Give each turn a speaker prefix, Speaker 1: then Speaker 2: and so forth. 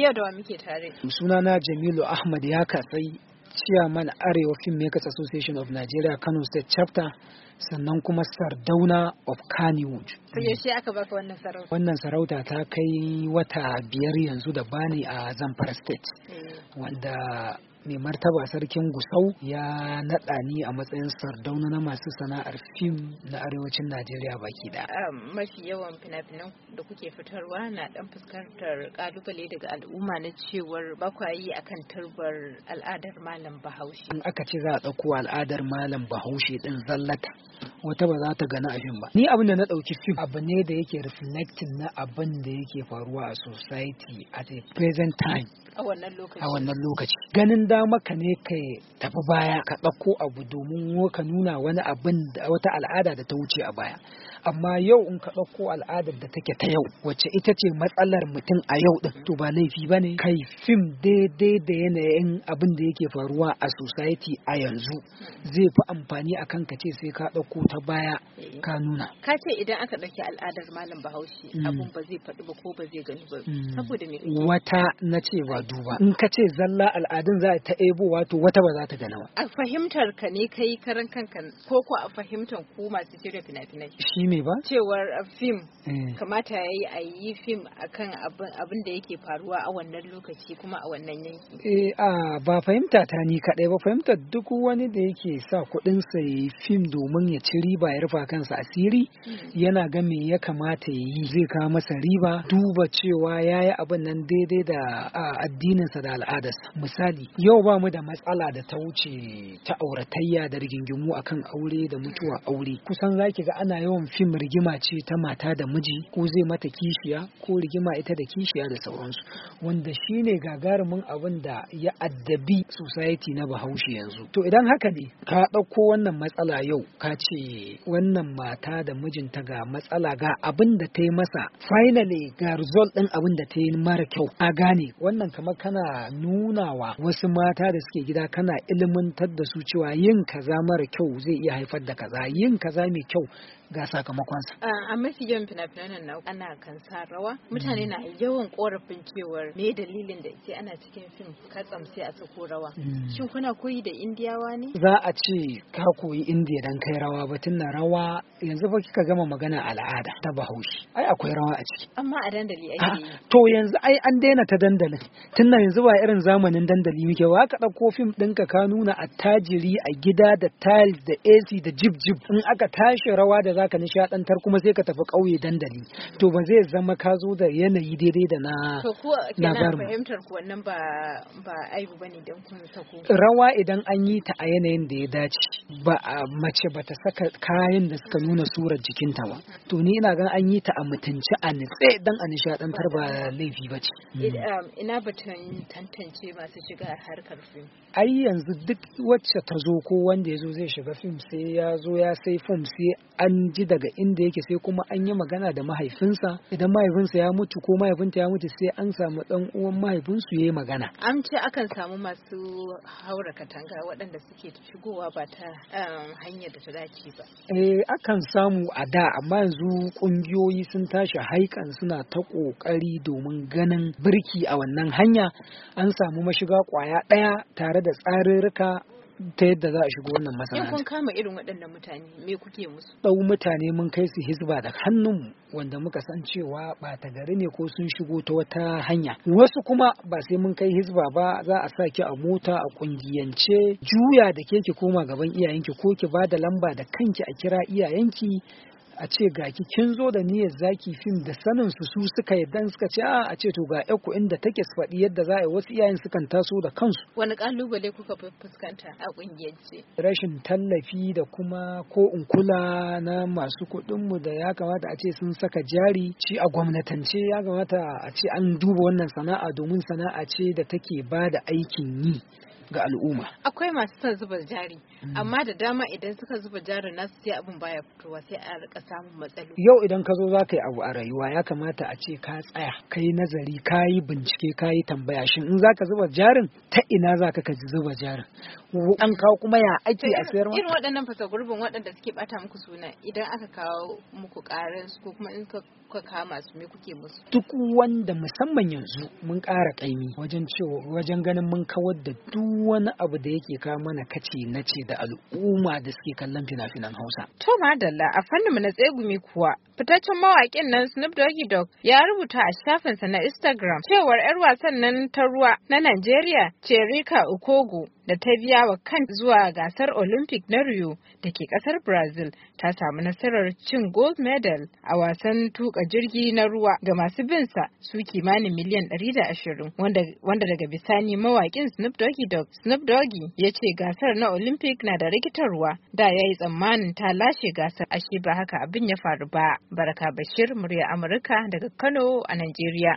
Speaker 1: Yau da wa muke tare.
Speaker 2: Sunana Jamilu Ahmad ya katsai Chairman Arewa Filmmakers Association of Nigeria Kano State Chapter sannan kuma Sardauna of Kannywood.
Speaker 1: yaushe aka baka wannan sarauta?
Speaker 2: Wannan sarauta ta kai wata biyar yanzu da bani a Zamfara State. Hmm. Wanda mai martaba sarkin gusau ya naɗa ni a matsayin sardauna na masu sana'ar fim na arewacin najeriya baki da ah,
Speaker 1: mafi yawan fina-finan da kuke fitarwa na dan fuskantar kalubale daga al'umma na cewar bakwayi kan turbar al'adar malam bahaushe
Speaker 2: in aka ce za a ɗauko al'adar malam bahaushe din zallata wata ba za ta gani abin ba ni abin da na ɗauki fim abu ne da yake reflecting na abin da yake faruwa a society at a present time a wannan lokaci ganin dama ka ne ka tafi baya ka ɗauko abu domin ka nuna wani abin da wata al'ada da ta wuce a baya amma yau in ka ɗauko al'adar da take ta yau wacce ita ce matsalar mutum a yau ɗin to ba laifi ba ne kai fim daidai da yanayin abin da yake faruwa a society a yanzu zai fi amfani a kanka ce sai ka ɗauko ta baya ka nuna
Speaker 1: ka ce idan aka ɗauki al'adar malam bahaushe mm. abun ba zai faɗi ba ko ba zai gani ba mm. saboda me
Speaker 2: wata na ce ba duba in ka ce zalla al'adun za ta ebo wato wata ba za ta gana ba
Speaker 1: a fahimtar ka ne kai karan kanka ko ko a fahimtar ku masu shirya fina-finai
Speaker 2: ne ba? Cewar uh, fim eh.
Speaker 1: kamata ya yi a yi fim akan abin da yake faruwa a wannan lokaci kuma a wannan yanki.
Speaker 2: Eh a ba fahimta ta ni kaɗai ba fahimta duk wani da yake sa kuɗinsa ya yi fim domin ya ci riba ya rufa kansa asiri hmm. yana ga me ya kamata ya yi zai kawo masa riba duba cewa ya yi abin nan daidai da addininsa da al'adarsa. Misali yau ba mu da matsala da ta wuce ta auratayya da rigingimu akan aure da mutuwa aure kusan za ki ga ana yawan Shin rigima ce ta mata da miji ko zai mata kishiya ko rigima ita da kishiya da sauransu wanda shi ne gagarumin abin da ya addabi society na bahaushe yanzu to idan haka ne ka ɗauko wannan matsala yau ka ce wannan mata da mijinta ga matsala ga abin da ta yi masa finally ga result ɗin abin da ta yi mara kyau a gane wannan kamar kana nunawa wasu mata da suke gida kana ilimantar da su cewa yin kaza mara kyau zai iya haifar da kaza yin kaza mai kyau ga sakamako su.
Speaker 1: A mafi yawan fina-finan nan ana kan sa rawa mutane mm. na yawan korafin cewar me dalilin da ke ana cikin fim katsam sai a tsako rawa. Mm. Shin kuna koyi da Indiyawa ne?
Speaker 2: Za a ce ka koyi Indiya dan kai rawa ba na rawa yanzu ba kika gama magana al'ada ta Bahaushe. Ai akwai rawa a ciki.
Speaker 1: Amma a dandali ake ah, yi.
Speaker 2: To yanzu ai an daina ta dandalin. na yanzu ba irin zamanin dandali muke ba ka ɗauko fim ɗinka ka nuna attajiri a gida da tiles da AC da jib jib in aka tashi rawa da zaka nishi nishadantar kuma sai ka tafi ƙauye dandali to ba zai zama ka zo da yanayi daidai da na
Speaker 1: na fahimtar ku wannan ba ba aibu bane dan kun sako rawa
Speaker 2: idan an yi ta a yanayin da ya dace ba mace ba ta saka kayan da suka nuna surar jikinta ba to ni ina gan an yi ta a mutunci a nitse dan a nishadantar ba laifi ba um,
Speaker 1: ina batun tantance masu shiga harkar fim
Speaker 2: ai yanzu duk wacce ta zo ko wanda ya zo zai shiga fim sai ya zo ya sai fim sai an ji daga inda yake sai kuma an yi magana da mahaifinsa idan mahaifinsa ya mutu ko mahaifinta ya mutu sai an samu dan uwan mahaifinsu ya yi magana
Speaker 1: an ce akan samu masu haura katanga waɗanda suke shigowa ba ta um, hanyar da ta dace ba
Speaker 2: eh akan samu a da amma yanzu kungiyoyi sun tashi haikan suna ta kokari domin ganin birki a wannan hanya an samu mashiga kwaya ɗaya tare da tsarurruka ta yadda za a shiga wannan masana'anta. kun
Speaker 1: kama irin waɗannan mutane me kuke musu?
Speaker 2: Ɗau mutane mun kai su hizba da hannunmu wanda muka san cewa ta gari ne ko sun shigo ta wata hanya. Wasu kuma ba sai mun kai hizba ba za a sa ki a mota a ƙungiyance juya da ke ki koma gaban iyayenki ko ki ba da lamba da kanki a kira iyayenki a ce ga ki kin zo da niyyar zaki fim da sanin su su suka dan suka ce a ce to ga ku inda take su faɗi yadda za a yi wasu iyayen sukan taso da kansu
Speaker 1: wani kalubale kuka fuskanta a kungiyance
Speaker 2: rashin tallafi da kuma ko in kula na masu kuɗin mu da ya kamata a ce sun saka jari ci a gwamnatance ya kamata a ce an duba wannan sana'a domin sana'a ce da take ba da aikin yi ga al'umma
Speaker 1: akwai masu son zuba jari mm. amma da dama idan suka zuba jarin nasu sai abin baya fitowa sai a rika samun matsaloli
Speaker 2: yau idan ka zo za ka yi abu a rayuwa ya kamata a ce ka tsaya ka yi nazari ka yi bincike ka yi tambaya shin in za ka zuba jarin ta ina za ka ji zuba jarin an kawo kuma ya ake a sayar irin
Speaker 1: waɗannan fasa gurbin waɗanda suke bata muku suna idan aka kawo muku ƙarar su ko kuma in ka kuka kama su me kuke musu
Speaker 2: duk wanda musamman yanzu mun ƙara ƙaimi wajen cewa wajen ganin mun kawar da duk wani abu da yake kawo mana kace na ce da al'umma da suke kallon fina-finan Hausa to madalla a fannin na tsegumi kuwa
Speaker 1: fitaccen mawaƙin nan Snoop Doggy Dogg ya rubuta a shafinsa na Instagram cewar 'yar wasan nan ta ruwa na Najeriya Cherika Okogo da ta biya wa kan zuwa gasar Olympic na Rio da ke kasar Brazil ta samu nasarar cin gold medal a wasan tuka jirgi na ruwa ga masu binsa su kimanin miliyan 120 wanda, wanda daga bisani mawakin Snoop Doggy dog Snoop Doggy ya ce gasar na Olympic na da rikitarwa da ya yi tsammanin ta lashe gasar ashe ba haka abin ya faru ba. Baraka Bashir, murya Amurka daga Kano a Najeriya.